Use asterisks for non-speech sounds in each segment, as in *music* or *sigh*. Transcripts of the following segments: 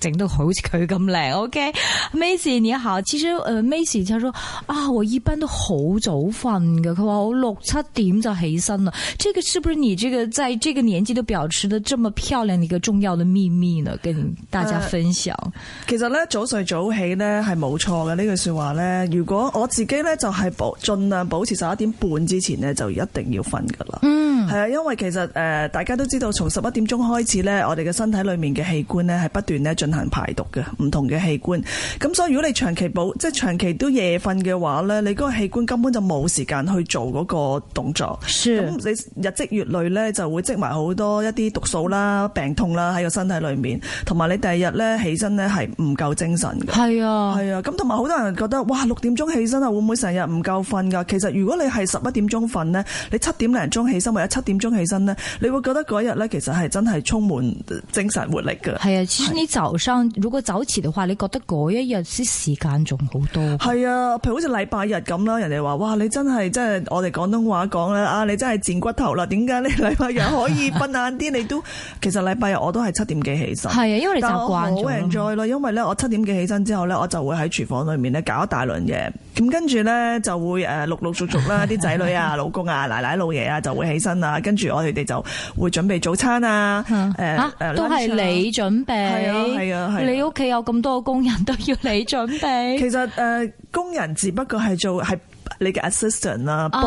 整到好似佢咁靚，OK？Maisie 你好，其實誒 Maisie 佢話，啊，我一般都好早瞓嘅，佢話我六七點就起身啦。這個是不是你這個在這個年紀都保持得這麼漂亮的一個重要的秘密呢？跟大家分享。呃、其實咧早睡早起咧係冇錯嘅呢句說話咧。如果我自己咧就係、是、保盡量保持十一點半之前咧就一定要瞓噶啦。嗯，係啊，因為其實誒、呃、大家都知道從十一點鐘開始咧，我哋嘅身體裏面嘅器官咧係不斷咧進行排毒嘅唔同嘅器官，咁所以如果你長期冇，即係長期都夜瞓嘅話咧，你嗰個器官根本就冇時間去做嗰個動作。咁是你日積月累咧，就會積埋好多一啲毒素啦、病痛啦喺個身體裏面，同埋你第二日咧起身咧係唔夠精神嘅。係啊，係啊，咁同埋好多人覺得哇，六點鐘起身啊，會唔會成日唔夠瞓噶？其實如果你係十一點鐘瞓呢，你七點零鐘起身或者七點鐘起身呢，你會覺得嗰日咧其實係真係充滿精神活力嘅。係啊，是如果走遲嘅話，你覺得嗰一日啲時間仲好多？係啊，譬如好似禮拜日咁啦，人哋話哇，你真係真係我哋廣東話講咧，啊你真係賤骨頭啦！點解你禮拜日可以瞓晏啲？你都其實禮拜日我都係七點幾起身。係啊，因為你習慣咗人再靚咯，因為咧我七點幾起身之後咧，我就會喺廚房裏面咧搞一大輪嘢。咁跟住咧就會誒陸陸續續啦，啲仔女啊、老公啊、奶奶老爺啊就會起身啦。跟住我哋哋就會準備早餐啊，誒都係你準備。是你屋企有咁多工人，都要你準備， *laughs* 其實誒、呃、工人只不過係做係。你嘅 assistant 啊，幫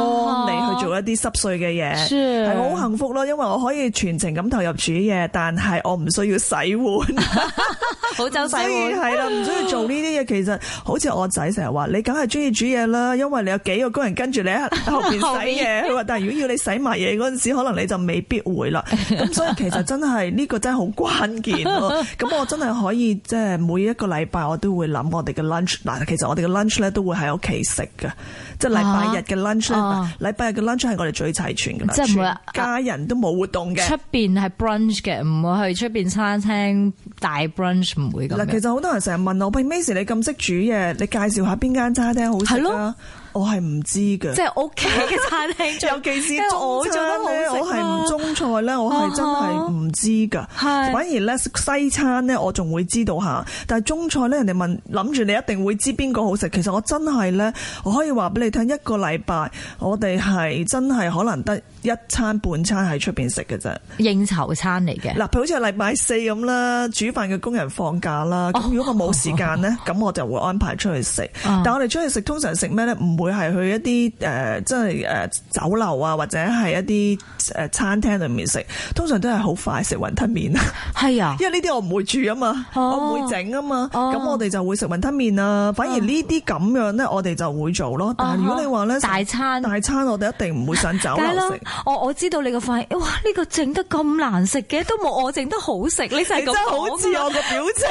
你去做一啲濕碎嘅嘢，係好、哦、幸福咯、啊。因為我可以全程咁投入煮嘢，但係我唔需要洗碗，好走洗碗係啦，唔需要做呢啲嘢。其實好似我仔成日話，你梗係中意煮嘢啦，因為你有幾個工人跟住你喺後邊洗嘢。佢話 *laughs* 後面，但係如果要你洗埋嘢嗰陣時，可能你就未必會啦。咁 *laughs* 所以其實真係呢、呢個真係好關鍵、啊。咁我真係可以即係每一個禮拜我都會諗我哋嘅 lunch 嗱，其實我哋嘅 lunch 咧都會喺屋企食㗎。即係禮拜日嘅 lunch 咧，禮拜日嘅 lunch 係我哋最齊全嘅，即係每家人都冇活動嘅、啊。出邊係 brunch 嘅，唔會去出邊餐廳大 brunch，唔會咁嗱，其實好多人成日問我喂 m a i s 你咁識煮嘢，你介紹下邊間餐廳好食啦。我係唔知嘅，即係屋企嘅餐廳有， *laughs* 尤其是我做得我係唔中菜咧，我係真係唔知嘅。Uh huh. 反而咧西餐咧，我仲會知道下。但係中菜咧，人哋問諗住你一定會知邊個好食。其實我真係咧，我可以話俾你聽，一個禮拜我哋係真係可能得一餐半餐喺出邊食嘅啫，應酬餐嚟嘅。嗱，譬如好似禮拜四咁啦，煮飯嘅工人放假啦，咁、oh, 如果我冇時間咧，咁、oh, oh, oh. 我就會安排出去食。Uh. 但我哋出去食，通常食咩咧？唔。會係去一啲誒、呃，即係誒、呃、酒樓啊，或者係一啲誒、呃、餐廳裏面食，通常都係好快食雲吞麵 *laughs* 啊。係啊，因為呢啲我唔會煮啊嘛，哦、我唔會整啊嘛，咁、哦、我哋就會食雲吞麵啊、哦。反而呢啲咁樣咧，我哋就會做咯。但係如果你話咧、啊、大餐，大餐我哋一定唔會上酒樓食。我我知道你個飯，哇，呢、這個整得咁難食嘅，都冇我整得好食。你，個 *laughs* 你真係好似我個表情，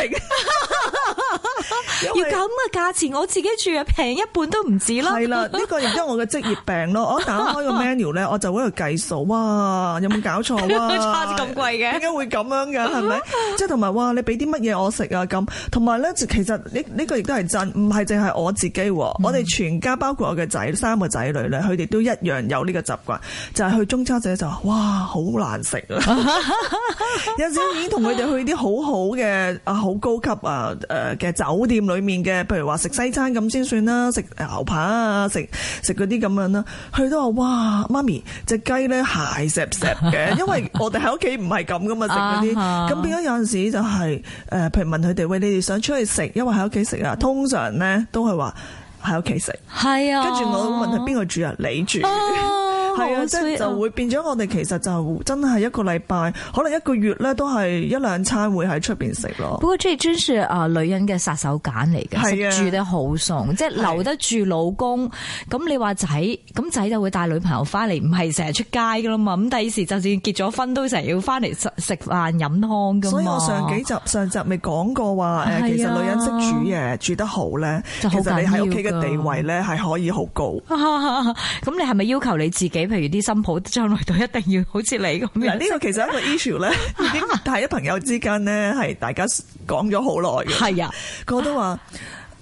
*laughs* 為要咁嘅價錢，我自己住啊平一半都唔止啦。係啦，呢個亦都我嘅職業病咯。我打開個 menu 咧，我就喺度計數哇，有冇搞錯哇、啊？差咁貴嘅，點解會咁樣嘅？係咪？即係同埋哇，你俾啲乜嘢我食啊？咁同埋咧，其實呢呢個亦都係真，唔係淨係我自己。嗯、我哋全家包括我嘅仔三個仔女咧，佢哋都一樣有呢個習慣，就係、是、去中餐就話哇，好難食啊！ *laughs* *laughs* *laughs* 有時已經同佢哋去啲好好嘅啊，好高級啊誒嘅酒店裡面嘅，譬如話食西餐咁先算啦，食牛扒啊食食嗰啲咁樣啦，佢都話哇媽咪隻雞咧蟹石石嘅，因為我哋喺屋企唔係咁噶嘛食嗰啲，咁變咗， *laughs* 有陣時就係、是、誒，譬、呃、如問佢哋喂，你哋想出去食？因為喺屋企食啊，通常咧都係話喺屋企食，係是啊，跟住我問，係邊個煮啊？你煮。 *laughs* 係對啊，即係就會變咗，我哋其實就真係一個禮拜，可能一個月咧都係一兩餐會喺出邊食咯。不過即係專說啊、呃，女人嘅殺手鐧嚟嘅。啊的，煮得好熟，的即係留得住老公。咁你話仔，咁仔就會帶女朋友翻嚟，唔係成日出街噶啦嘛。咁第時就算結咗婚都，都成日要翻嚟食食飯飲湯噶。所以我上幾集上集未講過話，誒的，其實女人識煮嘢，煮得好咧，的其實你喺屋企嘅地位咧係可以好高。咁 *laughs* 你係咪要求你自己？譬如啲新抱將來都一定要好似你咁。嗱，呢個其實一個 issue 咧，已經但係啲朋友之間咧係大家講咗好耐嘅，係 *laughs* 啊，個個都話。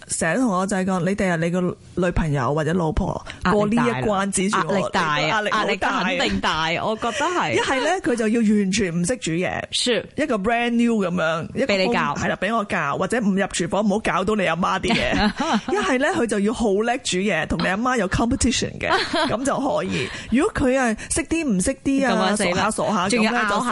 成日同我仔講，你第日你個女朋友或者老婆過呢一關，指住壓力大，壓力大，壓力大定大，我覺得係一係咧，佢就要完全唔識煮嘢，一個 brand new 咁樣，俾你教係啦，俾我教，或者唔入廚房，唔好搞到你阿媽啲嘢。一係咧，佢就要好叻煮嘢，同你阿媽有 competition 嘅，咁就可以。如果佢啊識啲唔識啲啊，傻下傻下仲要就死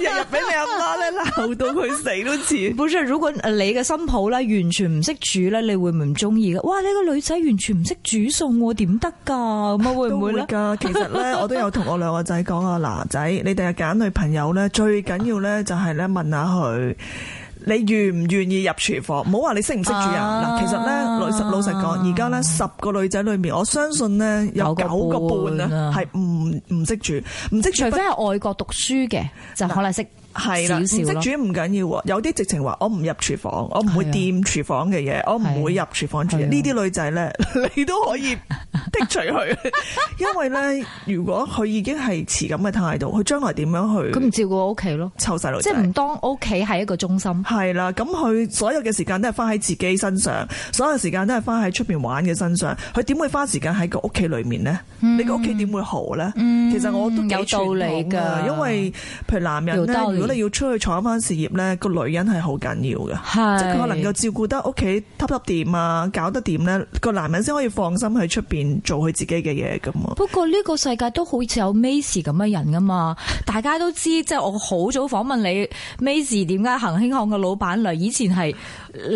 日日俾你阿媽咧鬧到佢死都似。本身如果你嘅新抱咧完全唔識煮。你會唔唔中意嘅？哇！你個女仔完全唔識煮餸，點得噶？咁啊會唔會咧？其實咧，我都有同我兩個仔講啊，嗱 *laughs* 仔，你第日揀女朋友咧，最緊要咧就係咧問下佢，你願唔願意入廚房？唔好話你識唔識煮啊！嗱，其實咧，老老實講，而家咧十個女仔裏面，我相信咧有九個半啦，係唔唔識煮，唔識煮。除非係外國讀書嘅，就可能識。係啦，即主煮唔緊要喎。有啲直情話我唔入廚房，我唔會掂廚房嘅嘢，我唔會入廚房煮嘢。呢啲女仔咧，你都可以剔除佢，因為咧，如果佢已經係持咁嘅態度，佢將來點樣去？佢唔照顧屋企咯，湊細即係唔當屋企係一個中心。係啦，咁佢所有嘅時間都係花喺自己身上，所有時間都係花喺出邊玩嘅身上。佢點會花時間喺個屋企裡面呢？你個屋企點會好咧？其實我都有道理㗎，因為譬如男人你要出去闖翻事業咧，個女人係好緊要嘅，是即係佢能夠照顧得屋企，耷耷掂啊，搞得掂咧，個男人先可以放心去出邊做佢自己嘅嘢咁啊。不過呢個世界都好似有 Mis 咁嘅人噶嘛，大家都知，即係我好早訪問你，Mis 點解恒興行嘅老闆娘？以前係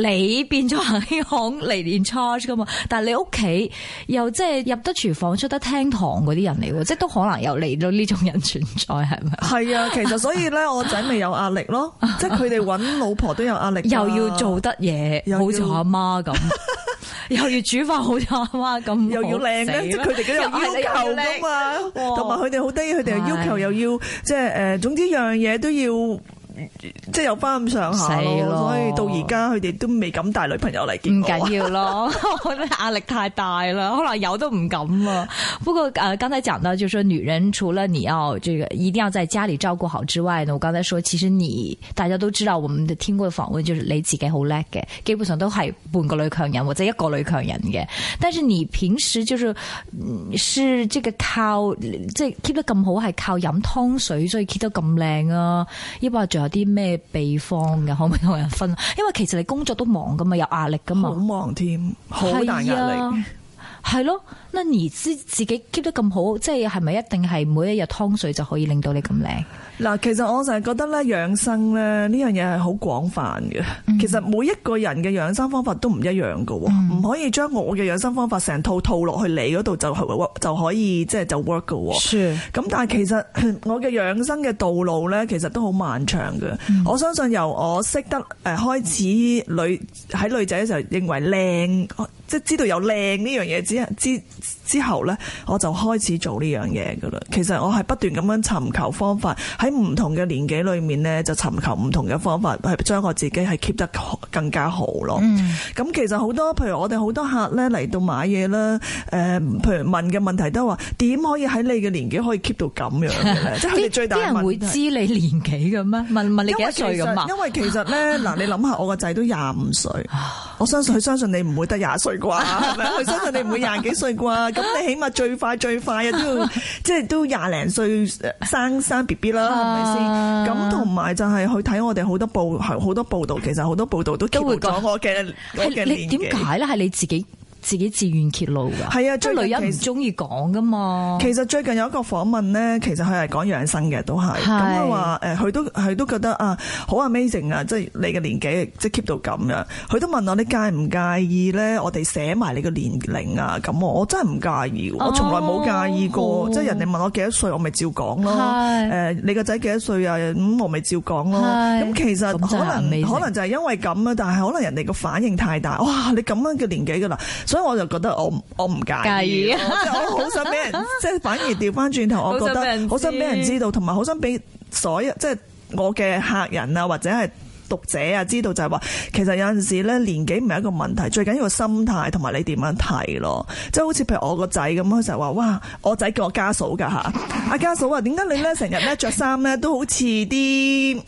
你變咗恒興行嚟 in charge 噶嘛？ *laughs* 但係你屋企又即係入得廚房出得廳堂嗰啲人嚟，即係都可能又嚟到呢種人存在，係咪？係啊，其實所以咧， *laughs* 我就。咁咪有壓力咯， *laughs* 即係佢哋揾老婆都有壓力，又要做得嘢，又要好似阿媽咁， *laughs* 又要煮飯好似阿媽咁， *laughs* 又要靚咧，啊， *laughs* 即佢哋都有要求噶嘛，同埋佢哋好低，佢哋嘅要求又要即係誒， *laughs* 總之樣嘢都要。即係有翻咁上，上下咯，糕所以到而家佢哋都未敢帶女朋友嚟見。唔緊要咯，壓 *laughs* 力太大啦，可能有都唔敢啊。 *laughs* 不過誒，剛才講到，就說、是、女人除了你要這個一定要在家裏照顧好之外呢，我剛才說，其實你大家都知道，我們聽過訪問，就是你自己好叻嘅，基本上都係半個女強人或者一個女強人嘅。但是你平時就是、嗯、是即係靠即係 keep 得咁好，係靠飲湯水，所以 keep 得咁靚啊，抑或者？有啲咩秘方嘅，可唔可以同人分？因為其實你工作都忙噶嘛，有壓力噶嘛，好忙添，好大壓力，係咯、啊。那而之自己 keep 得咁好，即係係咪一定係每一日湯水就可以令到你咁靚？ *laughs* 嗱，其實我成日覺得咧，養生咧呢樣嘢係好廣泛嘅。嗯、其實每一個人嘅養生方法都唔一樣嘅，唔、嗯、可以將我嘅養生方法成套套落去你嗰度就就可以即係就，就 work 嘅。咁 Sure. 但係其實我嘅養生嘅道路咧，其實都好漫長嘅。嗯、我相信由我識得誒、呃、開始女，女喺女仔嘅時候認為靚，即係知道有靚呢樣嘢，只係知。之後咧，我就開始做呢樣嘢噶啦。其實我係不斷咁樣尋求方法，喺唔同嘅年紀裏面咧，就尋求唔同嘅方法，係將我自己係 keep 得更加好咯。咁、嗯、其實好多，譬如我哋好多客咧嚟到買嘢啦，誒、呃，譬如問嘅問題都話，點可以喺你嘅年紀可以 keep 到咁樣？ *laughs* 即係是佢哋最大啲人會知你年紀嘅咩？問，問你幾歲咁問？因為其實咧嗱、呃，你諗下，我個仔都廿五歲，我相信佢相信你唔會得廿歲啩？係咪？佢相信你唔會廿幾歲啩？ *laughs* 咁 *laughs* 你起碼最快最快啊都要，即係都廿零歲生生 B B 啦，係咪先？咁同埋就係去睇我哋好多報，好多報道，其實好多報道都都會講我嘅年紀，係你點解咧？係你自己。自己自願揭露㗎，係啊，即係女人唔中意講㗎嘛。其實最近有一個訪問咧，其實佢係講養生嘅，都係咁佢話誒，佢是都佢都覺得啊，好 amazing 啊，即係你嘅年紀即係 keep 到咁樣。佢都問我你介唔介意咧？我哋寫埋你嘅年齡啊，咁我，我真係唔介意，哦、我從來冇介意過。即係、哦、人哋問我幾多歲，我咪照講咯。誒是、呃，你個仔幾多歲啊？咁、嗯、我咪照講咯。咁是、嗯、其實可能可能就係因為咁啊，但係可能人哋個反，反應太大。哇！你咁樣嘅年紀㗎啦～所以我就覺得我我唔介意，介意，我好想俾人，即係 *laughs* 反而調翻轉頭，我覺得好想俾人知道，同埋好想俾 *laughs* 所有即係、就是、我嘅客人啊，或者係讀者啊，知道就係話，其實有陣時咧，年紀唔係一個問題，最緊要個心態同埋你點樣睇咯。即、就、係、是、好似譬如我個仔咁，佢成日話哇，我仔叫我家嫂噶吓，阿、啊、家嫂啊，點解你咧成日咧着衫咧都好似啲？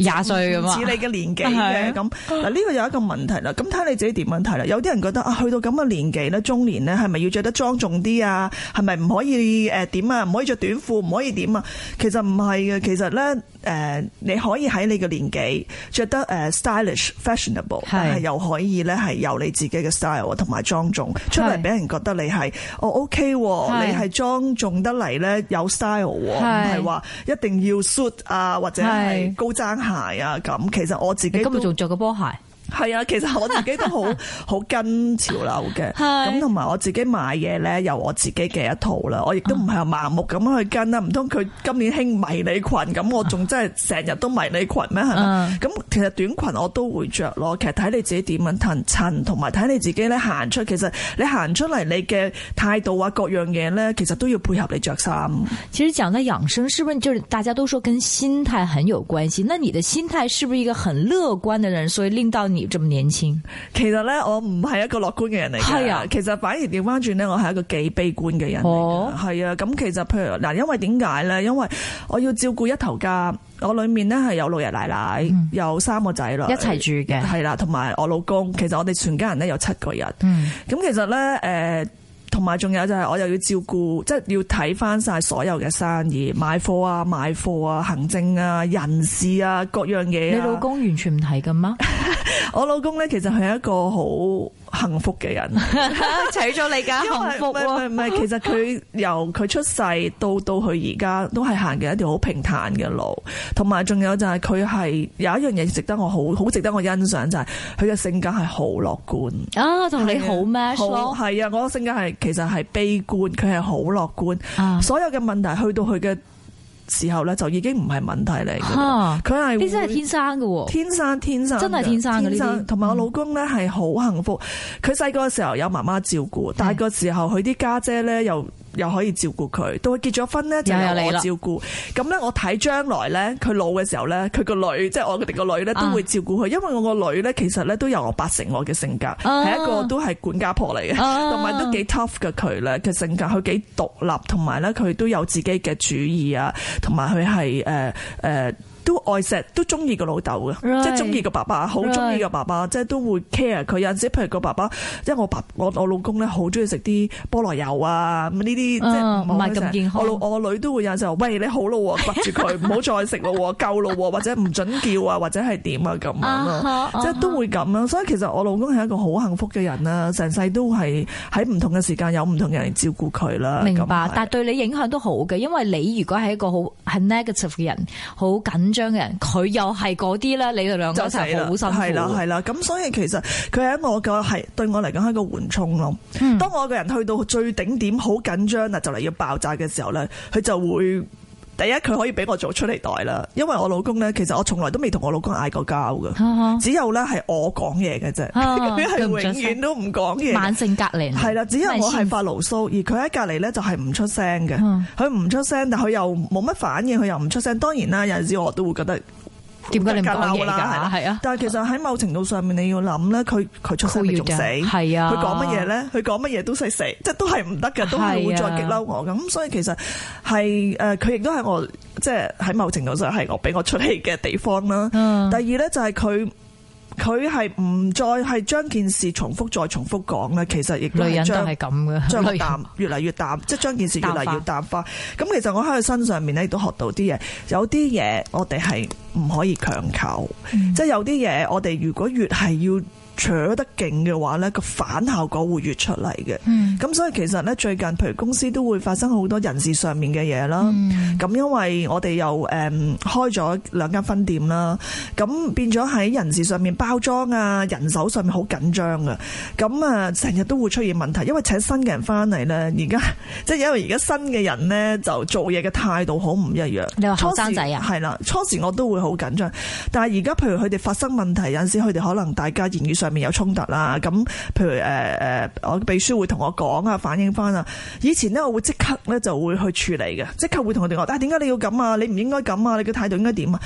廿歲咁啊，似你嘅年紀嘅咁，嗱呢個有一個問題啦，咁睇你自己點問題啦？有啲人覺得啊，去到咁嘅年紀咧，中年咧，係咪要着得莊重啲啊？係咪唔可以誒點啊？唔可以着短褲，唔可以點啊？其實唔係嘅，其實咧。誒，uh, 你可以喺你嘅年紀着得誒、uh, stylish fashionable, 是、fashionable，但係又可以咧係由你自己嘅 style 同埋莊重，是出嚟俾人覺得你係我、哦、OK，、哦、是你係莊重得嚟咧有 style，唔係話一定要 suit 啊或者係高踭鞋啊咁。是其實我自己今日仲着個波鞋。係啊，其實我自己都好 *laughs* 好跟潮流嘅，咁同埋我自己買嘢咧，有我自己嘅一套啦。我亦都唔係盲目咁樣去跟啦。唔通佢今年興迷，迷你裙，咁我仲真係成日都迷你裙咩？係嘛？咁其實短裙我都會着咯。其實睇你自己點樣襯襯，同埋睇你自己咧行出。其實你行出嚟你嘅態度啊，各樣嘢咧，其實都要配合你着衫。其實講到養生，是不是就大家都說跟心態很有關係？那你的心態是不是一個很樂觀的人，所以令到你？咁年輕，其實咧我唔係一個樂觀嘅人嚟嘅。啊、其實反而調翻轉咧，我係一個幾悲觀嘅人嚟嘅，係、哦、啊，咁其實譬如嗱，因為點解咧？因為我要照顧一頭家，我裏面咧係有老爺奶奶，嗯、有三個仔女一齊住嘅，係啦、啊，同埋我老公，其實我哋全家人咧有七個人，咁、嗯、其實咧誒。呃同埋仲有就係我又要照顧，即、就、係、是、要睇翻晒所有嘅生意、買貨啊、賣貨啊、行政啊、人事啊各樣嘢、啊。你老公完全唔睇㗎嘛？ *laughs* 我老公咧其實係一個好幸福嘅人， *laughs* 為 *laughs* 娶咗你㗎 *laughs* 幸福喎、啊。唔係，其實佢由佢出世到到佢而家，都係行嘅一條好平坦嘅路。同埋仲有就係佢係有一樣嘢值得我好好值得我欣賞，就係佢嘅性格係好樂觀。啊，同你好咩是？好係啊，我個性格係其實係悲觀，佢係好樂觀。啊，所有嘅問題去到佢嘅。時候咧就已經唔係問題嚟嘅。佢係呢啲係天生嘅喎，天生天生，真係天生嘅呢啲。同埋我老公咧係好幸福，佢細個嘅時候有媽媽照顧，大的個時候佢啲家姐咧又。又可以照顧佢，到佢結咗婚咧就係、由我照顧。咁咧我睇將來咧，佢老嘅時候咧，佢個女即係我哋個女咧、啊、都會照顧佢，因為我個女咧其實咧都有我八成我嘅性格，係、啊、一個都係管家婆嚟嘅，同埋、啊、都幾 tough 嘅佢咧嘅性格，佢幾獨立，同埋咧佢都有自己嘅主意啊，同埋佢係誒誒。呃呃都愛錫都中意個老豆嘅，right, 即係中意個爸爸，好中意個爸爸，即係都會 care 佢。有陣時譬如個爸爸，即係我爸，我我老公咧，好中意食啲菠蘿油啊，呢啲、uh, 即係唔係咁健康。我,我女都會有時候，喂你好老、啊，擗住佢，唔好 *laughs* 再食咯，夠咯，或者唔准叫啊，或者係點啊咁樣咯，uh huh, uh huh. 即係都會咁啊。所以其實我老公係一個好幸福嘅人啦，成世都係喺唔同嘅時間有唔同人嚟照顧佢啦。明白，但係是對你影響都好嘅，因為你如果係一個好係 negative 嘅人，好緊張。嘅，佢又係嗰啲咧，你哋兩個一齊好辛苦。係啦係啦，咁 *music* 所以其實佢喺我嘅，係對我嚟講係個緩衝咯。當我個人去到最頂點，好緊張啦，就嚟要爆炸嘅時候咧，佢就會。第一，佢可以俾我做出嚟袋啦，因為我老公咧，其實我從來都未同我老公嗌過交嘅，呵呵，只有咧係我講嘢嘅啫，佢係呵 *laughs* 永遠都唔講嘢。慢性隔離係啦，只有我係發牢騷，等等而佢喺隔離咧就係唔出聲嘅，佢唔呵出聲，但佢又冇乜反應，佢又唔出聲。當然啦，有陣時我都會覺得。點解你鬧嘅啦？係啦，係 *music* 啊。但係其實喺某程度上面，你要諗咧，佢佢出聲你仲死，係啊、呃。佢講乜嘢咧？佢講乜嘢都死死，即係都係唔得嘅，都會再激嬲我咁。呃、所以其實係誒，佢、呃、亦都係我即係喺某程度上係我俾我出氣嘅地方啦。呃、第二咧就係佢。佢係唔再係將件事重複再重複講咧，其實亦都係將佢越嚟越淡，即係將件事越嚟越淡化。咁淡化 其實我喺佢身上面咧，都學到啲嘢。有啲嘢我哋係唔可以強求，嗯、即係有啲嘢我哋如果越係要。扯得勁嘅話咧，個反效果會越出嚟嘅。咁、嗯、所以其實咧，最近譬如公司都會發生好多人事上面嘅嘢啦。咁、嗯、因為我哋又誒、嗯、開咗兩間分店啦，咁變咗喺人事上面包裝啊，人手上面好緊張嘅。咁啊，成日都會出現問題，因為請新嘅人翻嚟咧，而家即係因為而家新嘅人咧，就做嘢嘅態度好唔一樣，你話初生仔啊，係啦，初時我都會好緊張，但係而家譬如佢哋發生問題有陣時佢哋可能大家言語上面有衝突啦，咁譬如誒誒、呃，我秘書會同我講啊，反映返啊。以前呢，我會即刻咧就會去處理嘅，即刻會同佢哋講，但係點解你要咁啊？你唔應該咁啊？你嘅態度應該點啊？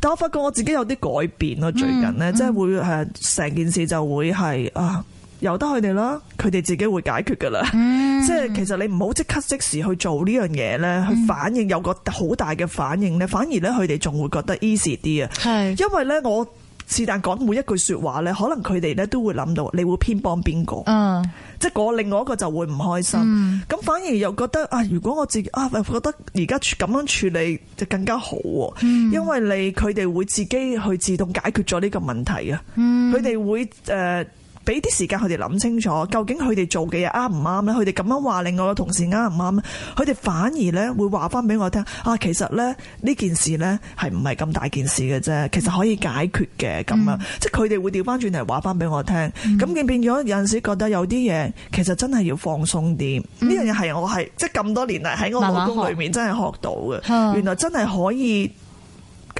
但我發覺我自己有啲改變咯，嗯、最近呢，即係會誒成件事就會係啊、呃，由得佢哋啦，佢哋自己會解決噶啦。嗯、即係其實你唔好即刻即，即時去做呢樣嘢咧，去反應、嗯、有個好大嘅反應咧，反而咧佢哋仲會覺得 easy 啲啊。係的，因為咧我。是但講每一句説話咧，可能佢哋咧都會諗到，你會偏幫邊個？嗯，即係嗰另外一個就會唔開心。咁、嗯、反而又覺得啊，如果我自己啊覺得而家咁樣處理就更加好，嗯、因為你佢哋會自己去自動解決咗呢個問題啊，佢哋、嗯、會誒。呃俾啲時間佢哋諗清楚，究竟佢哋做嘅嘢啱唔啱咧？佢哋咁樣話另外個同事啱唔啱？佢哋反而咧會話翻俾我聽啊，其實咧呢件事咧係唔係咁大件事嘅啫，其實可以解決嘅咁樣，嗯、即係佢哋會調翻轉嚟話翻俾我聽。咁變變咗有陣時覺得有啲嘢其實真係要放鬆啲。呢樣嘢係我係即係咁多年嚟喺我老公裏面真係學到嘅，原來真係可以。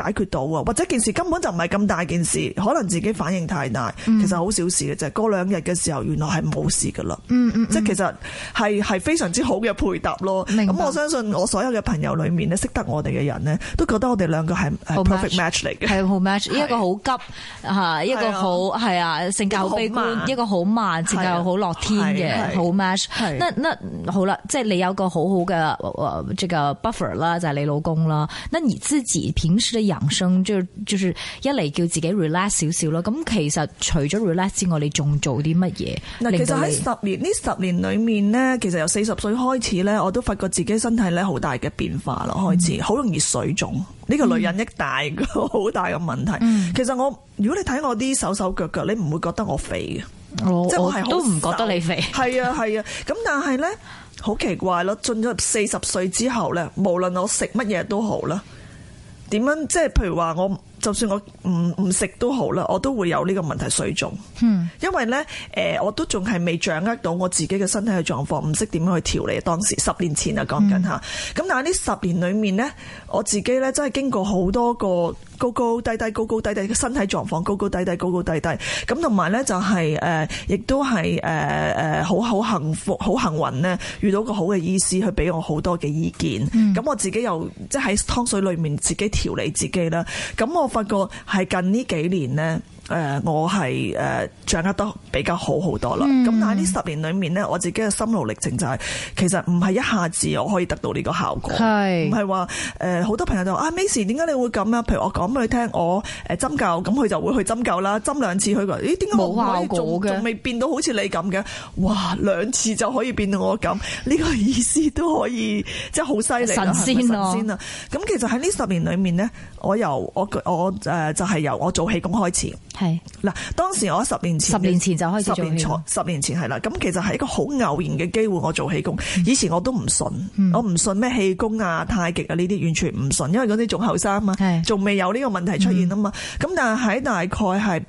解決到啊，或者件事根本就唔係咁大件事，可能自己反應太大，其實好小事嘅啫。嗯、過兩日嘅時候，原來係冇事噶啦。嗯嗯嗯即係其實係係非常之好嘅配搭咯。明白。咁我相信我所有嘅朋友裏面咧，識得我哋嘅人呢，都覺得我哋兩個係係 perfect match 嚟嘅。係好 match，一個好急，一個好係啊，性格好悲觀；一個好慢，性格好樂天嘅，好 match。好啦的，即係你有個好好嘅即呢個 buffer 啦，就係你老公啦。那你自己平時，平時人生即係，就是一嚟，叫自己 relax 少少咯。咁其實除咗 relax 之外，你仲做啲乜嘢？其實喺十年呢十年裏面呢，其實由四十歲開始呢，我都發覺自己身體咧好大嘅變化咯。開始好容易水腫，呢、嗯、個女人一大個好大嘅問題。嗯、其實我如果你睇我啲手手腳腳，你唔會覺得我肥嘅，哦、即係我係都唔覺得你肥。係啊係啊，咁、啊啊、但係呢，好奇怪咯，進咗四十歲之後呢，無論我食乜嘢都好啦。點樣？即係譬如話，我就算我唔唔食都好啦，我都會有呢個問題水腫。嗯，因為咧，誒、呃，我都仲係未掌握到我自己嘅身體嘅狀況，唔識點樣去調理。當時十年前啊，講緊吓，咁、嗯、但係呢十年裏面咧，我自己咧真係經過好多個。高高低低，高高低低嘅身體狀況，高高低低，高高低低。咁同埋咧，高高低低低就係、是、誒、呃，亦都係誒誒，好、呃、好、呃、幸福，好幸運咧，遇到個好嘅醫師，去俾我好多嘅意見。咁、嗯、我自己又即係喺湯水裏面自己調理自己啦。咁我發覺係近呢幾年咧。誒，我係誒掌握得比較好好多啦。咁但係呢十年裏面咧，我自己嘅心路歷程就係其實唔係一下子我可以得到呢個效果，唔係話誒好多朋友就話啊，Miss 點解你會咁咧？譬如我講俾佢聽，我誒針灸，咁佢就會去針灸啦，針兩次佢話咦，點解冇效果嘅？仲未變到好似你咁嘅，哇兩次就可以變到我咁？呢個意思都可以，即係好犀利，神仙神仙啊！咁其實喺呢十年裏面咧，我由我我誒就係由我做氣功開始。係嗱，當時我十年前，十年前就開始做，十年前係啦，咁其實係一個好偶然嘅機會，我做氣功。以前我都唔信，我唔信咩氣功啊、太極啊呢啲，完全唔信，因為嗰啲仲後生啊嘛，仲未有呢個問題出現啊嘛。咁但係喺大概係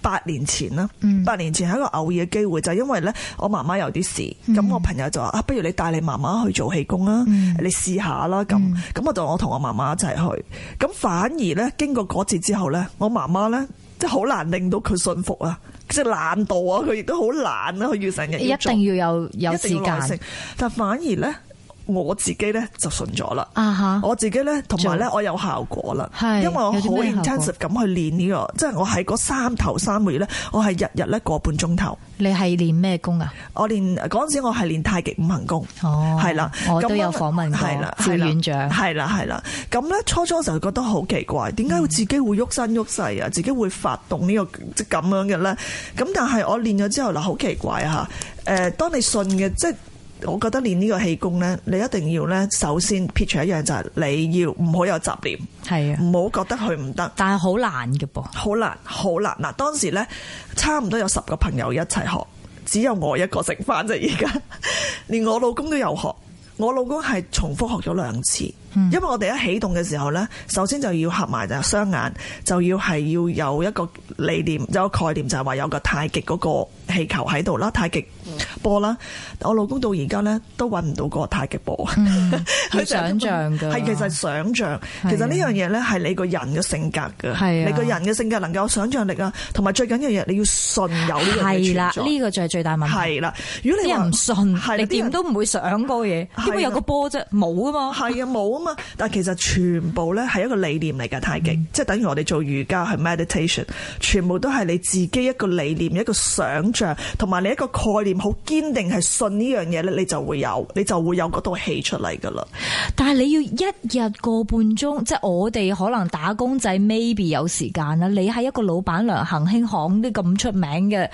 八年前啦，八年前係一個偶然嘅機會，就因為咧我媽媽有啲事，咁我朋友就話啊，不如你帶你媽媽去做氣功啊，你試下啦，咁，咁我就我同我媽媽一齊去，咁反而咧經過嗰次之後咧，我媽媽咧。好難令到佢信服啊！即係懶惰啊，佢亦都好懶啊，佢要成日一定要有有時間性，但反而咧。我自己咧就順咗啦，uh、huh, 我自己咧同埋咧我有效果啦，是因為我好 intensive 咁去練呢、這個，即、就、係、是、我喺嗰三頭三個月咧，我係日日咧個半鐘頭。你係練咩功啊？我練嗰陣時，我係練太極五行功，係、oh, 啦。我都有訪問過副院長，係啦係啦。咁咧初初就覺得好奇怪，點解自己會喐身喐勢啊？自己會發動、這個就是、呢個即係咁樣嘅咧？咁但係我練咗之後嗱，好奇怪啊嚇！誒，當你信嘅即係。我覺得練呢個氣功呢，你一定要呢。首先撇除一樣就係你要唔好有雜念，係啊的，唔好覺得佢唔得。但係好難嘅噃，好難，好難。嗱，當時呢，差唔多有十個朋友一齊學，只有我一個食飯啫。而家 *laughs* 連我老公都有學，我老公係重複學咗兩次，因為我哋一起動嘅時候呢，首先就要合埋就雙眼，就要係要有一個理念，有個概念就係話有個太極嗰個氣球喺度啦，太極。波啦！我老公到而家咧都揾唔到個太極波，佢、 *laughs* 嗯、想象嘅係其實想象，的其實呢樣嘢咧係你個人嘅性格嘅，係你個人嘅性格能夠有想象力啊，同埋最緊要嘢你要信有呢樣嘢。係啦，呢、這個就係最大問題，係啦，如果你唔信，的你點都唔會想個嘢，點會的有個波啫？冇啊嘛。係啊，冇啊嘛。但係其實全部咧係一個理念嚟嘅太極，嗯、即係等於我哋做瑜伽係 meditation，全部都係你自己一個理念、一個想象同埋你一個概念好。堅定係信呢樣嘢咧，你就會有，你就會有嗰套戲出嚟噶啦。但係你要一日過半鐘，即係我哋可能打工仔 maybe 有時間啦。你係一個老闆娘，恒興行啲咁出名嘅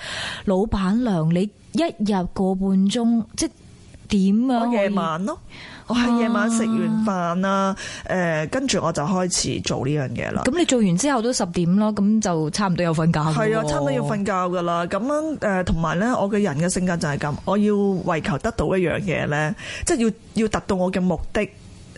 老闆娘，你一日過半鐘即。點以啊！我夜晚咯，我係夜晚食完飯啦，誒，跟住我就開始做呢樣嘢啦。咁你做完之後都十點咯，咁就差唔多有瞓覺，係啊，差唔多要瞓覺噶啦。咁樣誒，同埋咧，我嘅人嘅性格就係咁，我要為求得到一樣嘢咧，即係要要達到我嘅目的，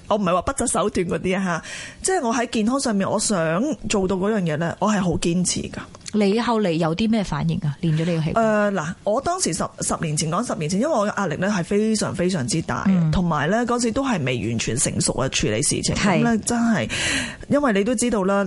我唔係話不擇手段嗰啲吓，即係我喺健康上面，我想做到嗰樣嘢咧，我係好堅持噶。你後嚟有啲咩反應啊？練咗呢個氣功？誒嗱、呃，我當時十十年前講十年前，因為我壓力咧係非常非常之大，同埋咧嗰時都係未完全成熟啊處理事情，咁咧係真係，因為你都知道啦。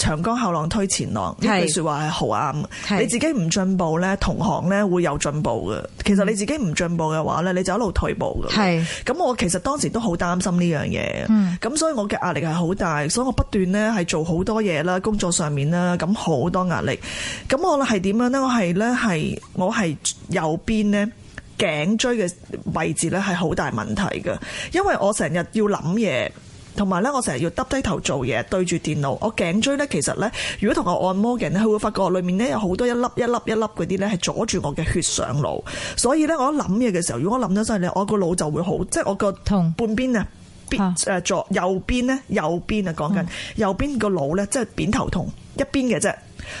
長江後浪推前浪，呢是句說話係好啱。是你自己唔進步呢，同行呢會有進步嘅。其實你自己唔進步嘅話呢，你就一路退步嘅。咁是，我其實當時都好擔心呢樣嘢，咁、嗯、所以我嘅壓力係好大，所以我不斷呢係做好多嘢啦，工作上面啦，咁好多壓力。咁我呢係點樣呢？我係呢，係我係右邊呢？頸椎嘅位置呢係好大問題嘅，因為我成日要諗嘢。同埋咧，我成日要耷低頭做嘢，對住電腦，我頸椎咧，其實咧，如果同我按摩嘅人咧，佢會發覺裏面咧有好多一粒一粒一粒嗰啲咧，係阻住我嘅血上腦。所以咧，我一諗嘢嘅時候，如果我諗得犀利，我個腦就會好。即係我個半邊啊，誒左右邊咧，右邊啊，講緊右邊個腦咧，即係扁頭痛，一邊嘅啫，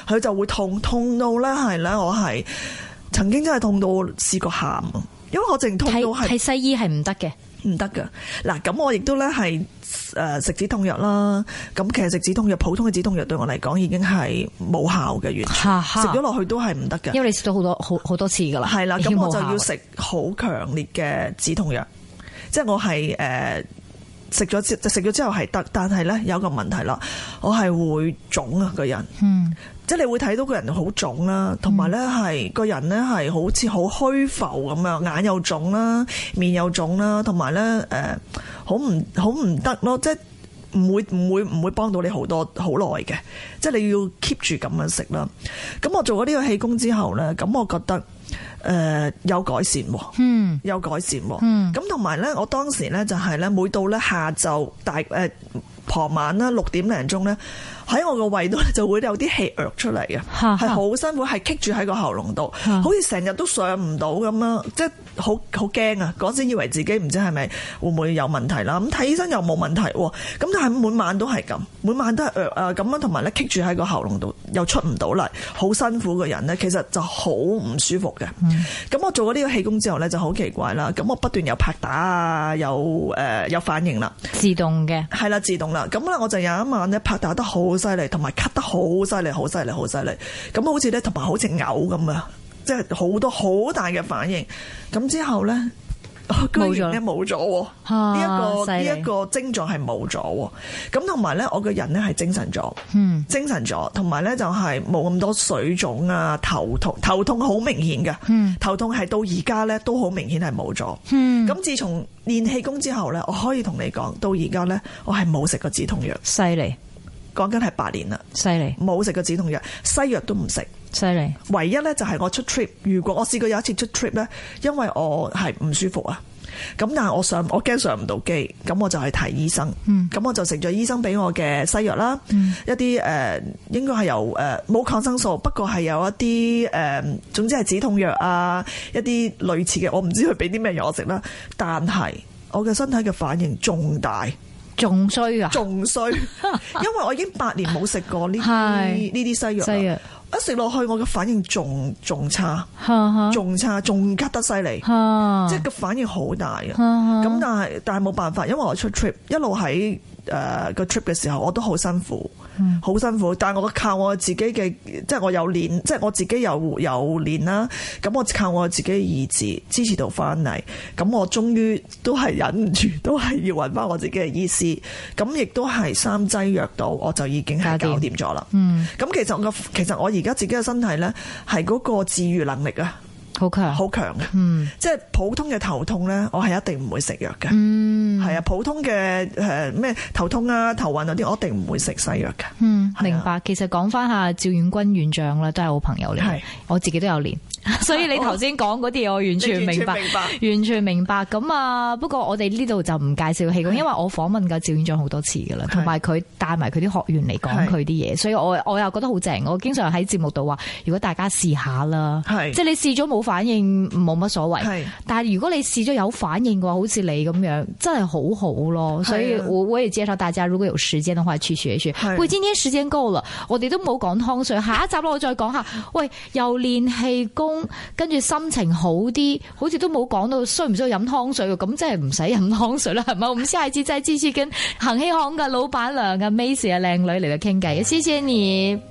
佢就會痛痛到咧係咧，我係曾經真係痛到試過喊，因為我淨痛到係睇西醫係唔得嘅。唔得噶，嗱咁我亦都咧係誒食止痛藥啦，咁其實食止痛藥，普通嘅止痛藥對我嚟講已經係冇效嘅，完全哈哈食咗落去都係唔得噶。因為你食咗好多好好多次噶啦，係啦，咁我就要食好強烈嘅止痛藥，即係我係誒。呃食咗之，食咗之後係得，但係咧有個問題啦，我係會腫啊個人，嗯，即係你會睇到人個人好腫啦，同埋咧係個人咧係好似好虛浮咁樣，眼又腫啦，面又腫啦，同埋咧誒好唔好唔得咯，即係唔會唔會唔會，會幫到你好多好耐嘅，即係你要 keep 住咁樣食啦。咁我做咗呢個氣功之後咧，咁我覺得。誒、呃，有改善、啊，嗯，有改善、啊，嗯，咁同埋咧，我當時咧就係咧，每到咧下晝大誒、呃、傍晚啦，六點零鐘咧，喺我個胃度就會有啲氣出嚟嘅，係好 *laughs* 辛苦，係棘住喺個喉嚨度，好似成日都上唔到咁樣，即係。好好驚啊！嗰時以為自己唔知係咪會唔會有問題啦，咁睇醫生又冇問題喎，咁但係每晚都係咁，每晚都係誒啊咁樣，同埋咧棘住喺個喉嚨度又出唔到嚟，好辛苦嘅人咧，其實就好唔舒服嘅。咁、嗯、我做咗呢個氣功之後咧就好奇怪啦，咁我不斷有拍打啊，有誒、呃、有反應啦，自動嘅，係啦自動啦。咁咧我就有一晚咧拍打得好犀利，同埋咳得好犀利，好犀利，好犀利。咁好似咧同埋好似嘔咁啊！即係好多好大嘅反應，咁之後咧，了居然冇咗呢一個呢一犀利個症狀係冇咗，咁同埋咧我個人咧係精神咗，嗯，精神咗，同埋咧就係冇咁多水腫啊，頭痛頭痛好明顯噶，嗯，頭痛係、嗯、到而家咧都好明顯係冇咗，嗯，咁自從練氣功之後咧，我可以同你講到而家咧，我係冇食過止痛藥，犀利厲害，講緊係八年啦，犀利，冇食過止痛藥，西藥都唔食。犀利，唯一咧就係我出 trip，如果我試過有一次出 trip 咧，因為我係唔舒服啊，咁但係我上我驚上唔到機，咁我就去睇醫生，咁我就食咗醫生俾我嘅西藥啦，嗯、一啲誒、呃、應該係由誒冇抗生素，不過係有一啲誒、呃，總之係止痛藥啊，一啲類似嘅，我唔知佢俾啲咩藥我食啦，但係我嘅身體嘅反應仲大，仲衰啊，仲衰壞， *laughs* 因為我已經八年冇食過呢啲呢啲西藥。一食落去，我嘅反應仲仲差，仲 *laughs* 差，仲咳得犀利， *laughs* 即係個反應好大㗎！咁 *laughs* 但係但係冇辦法，因為我出 trip 一路喺。誒，個 trip 嘅時候我都好辛苦，好辛苦，但係我靠我自己嘅，即係我有練，即係我自己有有練啦。咁我靠我自己嘅意志支持到翻嚟，咁我終於都係忍唔住，都係要揾翻我自己嘅醫師。咁亦都係三劑藥到，我就已經係搞掂咗啦。嗯，咁其實我個，其實我而家自己嘅身體咧，係嗰個治愈能力啊。好強，好強嘅，嗯，即係普通嘅頭痛咧，我係一定唔會食藥嘅，嗯，係啊，普通嘅誒咩頭痛啊頭暈嗰啲，我一定唔會食西藥嘅，嗯，明白。其實講翻下趙遠軍院長咧，都係我朋友嚟，我自己都有練，所以你頭先講嗰啲嘢，我完全明白，完全明白。咁啊，不過我哋呢度就唔介紹氣功，因為我訪問過趙院長好多次嘅啦，同埋佢帶埋佢啲學員嚟講佢啲嘢，所以我我又覺得好正，我經常喺節目度話，如果大家試下啦，即係你試咗冇。反應冇乜所謂，是但係如果你試咗有反應嘅話，好似你咁樣，真係好好咯，啊、所以我我亦介紹大家，如果有時間嘅話，去試一試。是喂，今天時間高啦，我哋都冇講湯水，下一集我再講下。喂，又練氣功，跟住心情好啲，好似都冇講到需唔需要飲湯水，咁真係唔使飲湯水啦，係咪？唔知係自制之次跟恒興行嘅老闆娘啊，Miss 啊，靚 *laughs* 女嚟到傾偈，謝謝你。